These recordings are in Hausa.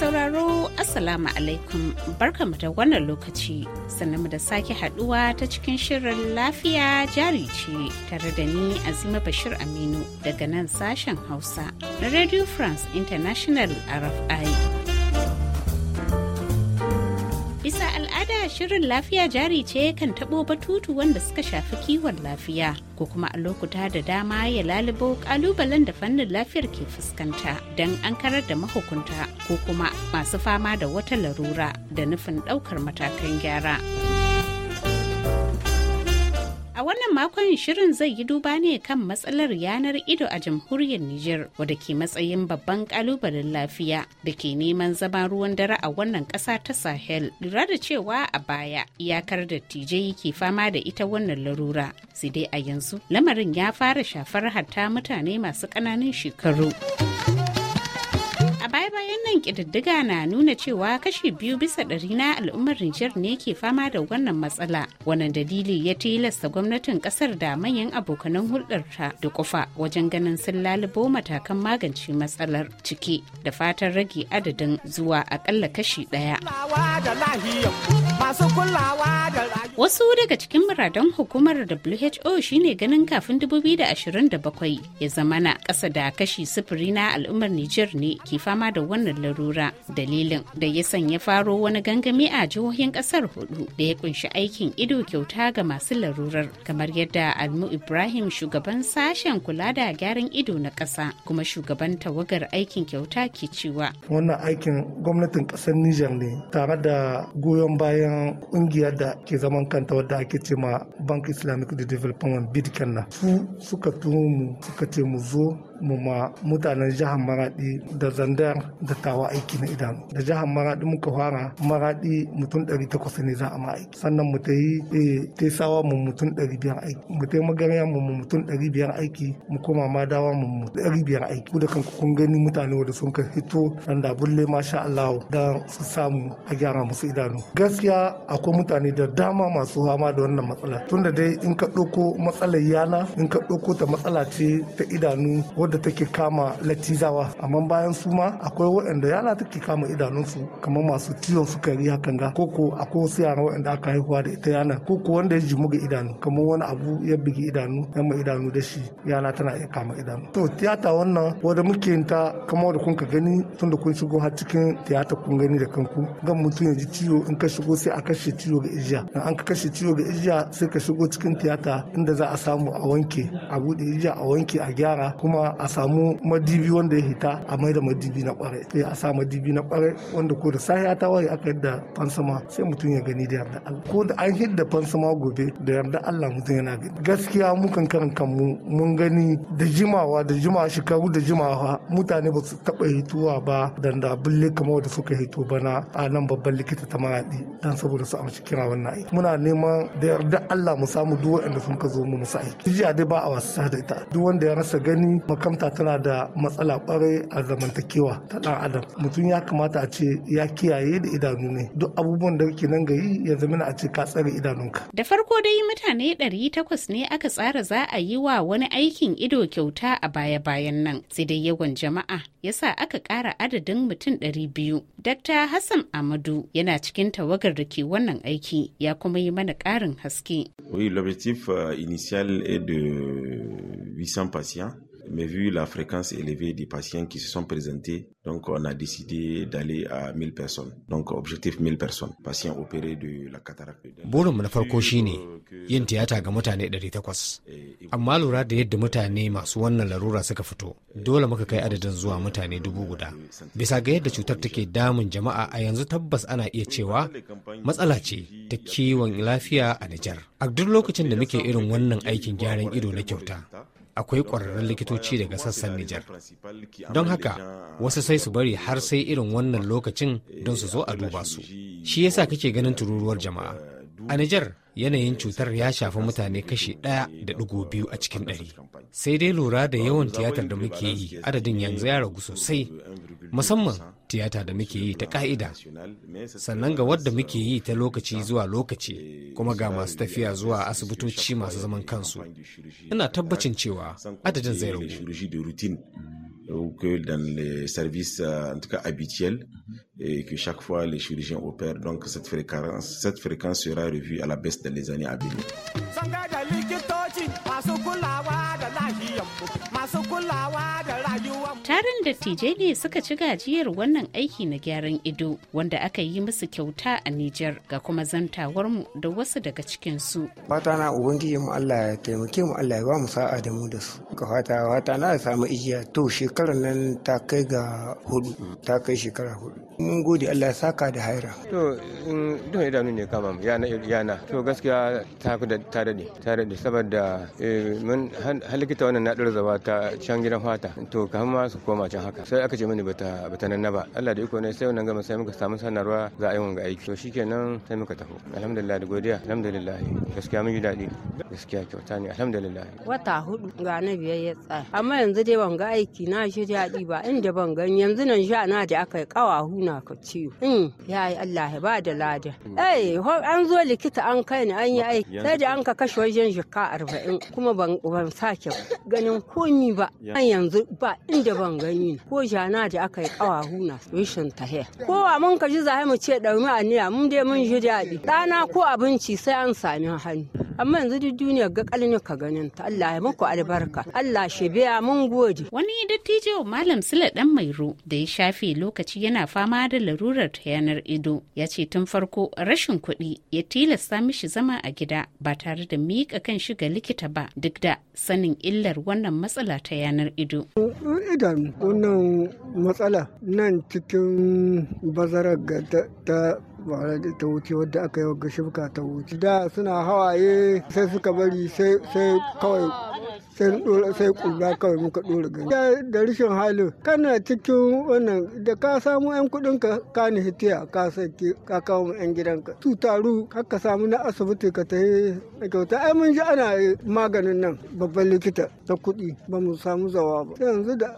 sauraro Assalamu alaikum barkamu da wannan lokaci sannan da sake haduwa ta cikin shirin lafiya jari ce tare da ni Azima Bashir Aminu daga nan sashen Hausa na Radio France International RFI. shirin lafiya jari ce kan tabo batutu wanda suka shafi kiwon lafiya ko kuma a lokuta da dama ya lalibo kalubalen da fannin lafiyar ke fuskanta don an karar da mahukunta ko kuma masu fama da wata larura da nufin daukar matakan gyara. wannan makon shirin zai yi duba ne kan matsalar yanar ido a jamhuriyar Nijar wadda ke matsayin babban kalubalen lafiya da ke neman zama ruwan dare a wannan ƙasa ta Sahel. Lura da cewa a baya iyakar da tijai ke fama da ita wannan larura. Sai dai a yanzu lamarin ya fara shafar hatta mutane masu ƙananan shekaru. wannan ƙididdiga na nuna cewa kashi biyu bisa ɗari na al'ummar Nijar ne ke fama da wannan matsala. Wannan dalili ya tilasta gwamnatin ƙasar da manyan abokanan ta da kufa wajen ganin sun lalubo matakan magance matsalar ciki da fatan rage adadin zuwa aƙalla kashi ɗaya. Masu kulawa da Wasu daga cikin muradan hukumar WHO shine ganin kafin 2027 ya zama na ƙasa da kashi sifiri na al'ummar Nijar ne ke fama da wannan larura. Dalilin da ya sanya faro wani gangami a jihohin ƙasar hudu da ya kunshi aikin ido kyauta ga masu larurar kamar yadda Almu Ibrahim shugaban sashen kula da gyaran ido na ƙasa kuma shugaban tawagar aikin kyauta ke cewa. Wannan aikin gwamnatin ƙasar Nijar ne tare da goyon bayan ƙungiyar da ke zaman zaman kanta wadda ake ce ma bank islamic development bid kenan su suka tuhumu suka ce mu zo mu ma mutanen jihar maradi da zandar da tawa aiki na idanu da jihar maradi muka fara maradi mutum 800 ne za a ma aiki sannan mu ta yi eh, tesawa mu mutum 500 aiki mu ta yi magarya mu mutum 500 aiki mu koma ma dawa mu mu 500 aiki ku da kanku kun gani mutane wanda sun ka hito dan da bulle masha Allah da su samu a gyara musu idanu gaskiya akwai mutane da dama masu fama da wannan matsala tunda dai in ka ɗauko matsalar yana in ka ɗauko ta matsala ce ta idanu wadda take kama latizawa amma bayan su ma akwai waɗanda yara take kama idanunsu kamar masu ciwon sukari hakan ga koko akwai wasu yara waɗanda aka haihuwa da ita yana koko wanda ya jimu ga idanu kamar wani abu ya bugi idanu ya idanu da shi yana tana iya kama idanu to tiyata wannan wadda muke yin ta kamar da kun ka gani tun da kun shigo har cikin tiyata kun gani da kanku gan mutum ya ji ciwo in ka shigo sai a kashe ciwo ga ijiya in an ka kashe ciwo ga ijiya sai ka shigo cikin tiyata inda za a samu a wanke a buɗe ijiya a wanke a gyara kuma a samu madibi wanda ya hita a mai da madibi na kwarai sai a sa madibi na kwarai wanda ko da sahiya ta waye aka yadda fansama sai mutum ya gani da yarda Allah ko da an hidda fansama gobe da yarda Allah mutum yana gani gaskiya mu kan karin kanmu mun gani da jimawa da jimawa shekaru da jimawa mutane ba su taba hituwa ba dan da bulle kamar da suka hito bana a nan babban likita ta maradi dan saboda su amshi kira wannan aiki muna neman da yarda Allah mu samu duk waɗanda sun ka zo mu musa aiki jiya dai ba a wasa da ita duk wanda ya rasa gani maka makamta tana da matsala kwarai a zamantakewa ta dan adam mutum ya kamata a ce ya kiyaye da idanu ne duk abubuwan da kake nan gayi ya zama a ce ka tsare idanunka da farko dai mutane 800 ne aka tsara za a yi wa wani aikin ido kyauta a baya-bayan nan sai dai yawan jama'a yasa aka ƙara adadin mutum 200 dr hassan amadu yana cikin tawagar da ke wannan aiki ya kuma yi mana ƙarin haske oui l'objectif euh, initial est de 800 patients Mais vu la fréquence élevée des patients qui se sont présentés, donc on a décidé d'aller à 1000 personnes. Donc objectif 1000 personnes, patients opérés de la cataracte. Burinmu na farko shi ne yin tiyata ga mutane 800. Eh, Amma lura da yadda mutane masu wannan larura suka fito, dole muka kai adadin zuwa mutane dubu guda. Bisa ga yadda cutar take damun jama'a a yanzu tabbas ana iya cewa matsala ce ta kiwon lafiya a Nijar. A duk lokacin da muke irin wannan aikin gyaran ido na kyauta, akwai ƙwararrun likitoci daga sassan Nijar. Don haka, wasu sai su bari har sai irin wannan lokacin don su zo a duba su. Shi yasa kake ganin tururuwar jama'a. A Nijar, yanayin cutar ya shafi mutane kashi ɗaya da ɗigo biyu a cikin ɗari sai dai lura da yawan tiyatar da muke yi adadin yanzu ya ragu sosai musamman tiyata da muke yi ta ka'ida sannan ga wadda muke yi ta lokaci zuwa lokaci kuma ga masu tafiya zuwa asibitoci masu zaman kansu ina tabbacin cewa adadin zai ragu et que chaque fois les chirurgiens opèrent. Donc cette fréquence, cette fréquence sera revue à la baisse dans les années à venir. Tarin tj ne suka ci gajiyar wannan aiki na gyaran ido wanda aka yi musu kyauta a Nijar ga kuma zantawarmu da wasu daga cikinsu. Fata na Ubangiji mu Allah ya taimake mu Allah ya ba mu sa'a da mu da su. Ka fata fata na samu ijiya to shekarar nan ta kai ga hudu ta kai shekara hudu. mun gode Allah ya saka da haira to duka idanu ne kama na ya na to gaskiya ta da ta dade ta dade saboda eh, mun halikita wannan na dura zaba ta can gidan fata to kamar ma su koma can haka sai aka ce mini bata bata nan ba Allah da iko ne sai wannan gama sai muka samu sanarwa za a yi wanga aiki to shikenan sai muka tafi alhamdulillah da godiya alhamdulillah gaskiya mun yi dadi gaskiya kyauta ne alhamdulillah wata hudu ga na biyar ya tsaya amma yanzu dai ban ga aiki na shi daɗi ba inda ban gani yanzu nan sha na da aka yi kawahu ina ka ciwo hmm. ya yi Allah ya ba da lada eh an zo likita an kai ni an yi aiki sai da an ka kashe wajen jika arba'in kuma ban ban sake ganin komi ba an yanzu ba inda ban gani ko jana da aka yi kawahu na rashin ko kowa mun ka ji zai mu ce ɗaumi a niya mun dai mun ji daɗi ɗana ko abinci sai an sami hannu amma yanzu duk duniya ga kalin ka ganin ta Allah ya muku albarka Allah shi biya mun gode wani dattijo malam Sule dan Mairo da ya shafe lokaci yana fama da larurar ta yanar ido ya ce tun farko rashin kuɗi ya tilasta mishi zama a gida ba tare da miƙa kan shi ga likita ba duk da sanin illar wannan matsala ta yanar ido idan wannan matsala nan cikin bazarar ta ta wuce wadda aka yi wa shibka ta wuce da suna hawaye sai suka bari sai kawai sai sai kurba kawai muka dora gani da rashin hali. kana cikin wannan da ka samu 'yan kuɗin ka ka ni hitiya ka sake ka kawo mu 'yan gidanka tu taru haka samu na asibiti ka ta kyauta ai mun ji ana maganin nan babban likita ta kuɗi ba mu samu zawa ba Sai yanzu da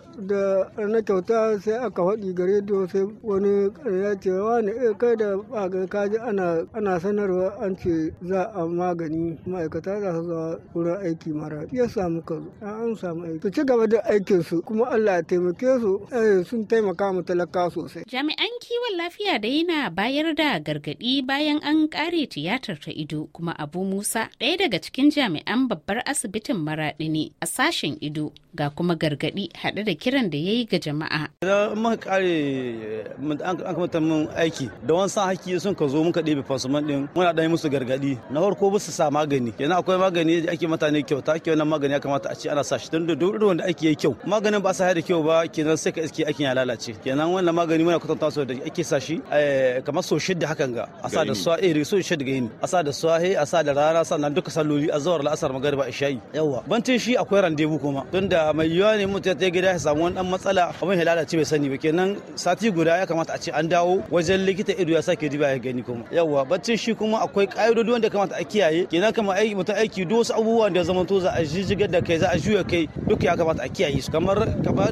na kyauta sai aka faɗi gare da sai wani ya ce wani eh, kai da ba ka ji ana sanarwa an ce za a magani ma'aikata za su zawa wurin aiki mara ya samu suka an samu aiki su ci gaba da aikin su kuma Allah ya taimake su eh, sun taimaka mu talaka sosai jami'an kiwon lafiya da yana bayar da gargadi bayan an kare tiyatar ta ido kuma Abu Musa ɗaya daga cikin jami'an babbar asibitin maraɗi ne a sashen ido ga kuma gargadi haɗe da kiran da yayi ga jama'a. Idan muka kare an kamata mun aiki da wani sa haki sun ka zo muka ɗebe fasuman ɗin muna ɗan musu gargadi na farko ba su sa magani kenan akwai magani da ake mutane kyauta ke wannan magani ya kamata kamata a ce ana sashi don duk wanda ake yi kyau maganin ba sa haɗa kyau ba kenan sai ka iske aikin ya lalace kenan wannan magani muna kwatanta su da ake sashi eh, kamar so shidda hakan ga a sa da suwa eh so shidda ga yini a sa da suwa a sa da rana sannan duka salloli a zawar la'asar magariba a shayi yawa bantin shi akwai randebu kuma don da mai yiwuwa ne mutum ta gida ya samu wani dan matsala abin ya lalace bai sani ba kenan sati guda ya kamata a ce an dawo wajen likita ido ya sake duba ya gani kuma yawa bancin shi kuma akwai ƙa'idodi wanda kamata a kiyaye kenan kamar mutum aiki duk wasu abubuwan da ya zama to za a jijjigar da kai za a juya kai duk ya kamata a kiyaye su kamar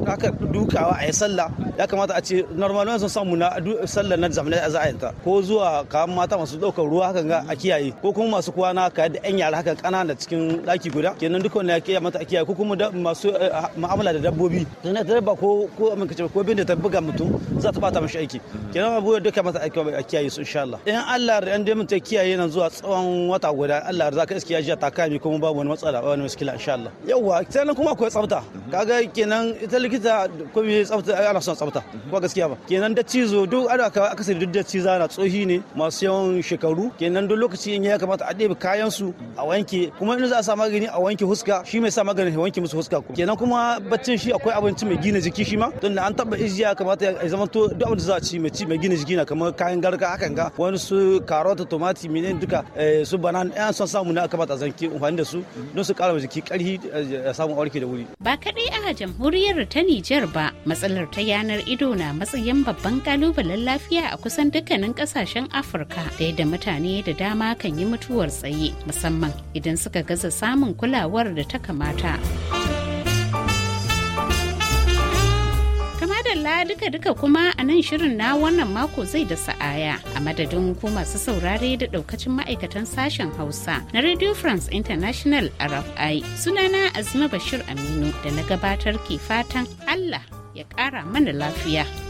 haka dukawa a yi sallah ya kamata a ce normal sun samu na sallar na zamanai a za'ayinta ko zuwa kayan mata masu ɗaukar ruwa hakan ga a kiyaye ko kuma masu kwana ka da yan yara haka ƙanana cikin ɗaki guda kenan duka wanda ya kiyaye mata a kiyaye ko kuma masu eh, mu'amala da dabbobi tana da dabba ko ko amin kace ko bin da ta buga mutum za ta bata mishi aiki kenan abu da duka mata a kiyaye su insha Allah in Allah ya dai mun ta kiyaye nan zuwa tsawon wata guda Allah za ka iskiya ji ta kai kuma babu wani matsala ba wani muskila insha Allah yawa sannan kuma akwai tsafta kaga kenan ita likita ko me tsafta ana son tsafta ko gaskiya ba kenan da cizo duk ana ka akasari duk da ciza na tsohi ne masu yawan shekaru kenan duk lokaci in ya kamata a ɗebe kayan su a wanke kuma in za a sa magani a wanke huska shi mai sa magani ya wanke musu huska kenan kuma baccin shi akwai abinci mai gina jiki shi ma don an taba ijiya kamata ya zama to duk abin da za a ci mai ci mai gina jiki na kamar kayan garka hakan ga wani su karota tomati menene duka eh, su banana ɗan son samu na kamata zanke amfani da su don su kara jiki ƙarfi ya samu aure da wuri ba kaɗai a jamhuriyar ta Nijar ba matsalar ta yanar ido na matsayin babban kalubalen lafiya a kusan dukkanin ƙasashen Afirka da yadda mutane da dama kan yi mutuwar tsaye musamman idan suka gaza samun kulawar da ta kamata. Allah duka-duka kuma a nan shirin na wannan mako zai da sa'aya a madadin ku masu saurare da daukacin ma'aikatan sashen hausa na radio france international rfi sunana azima bashir aminu da na gabatar ke fatan allah ya kara mana lafiya.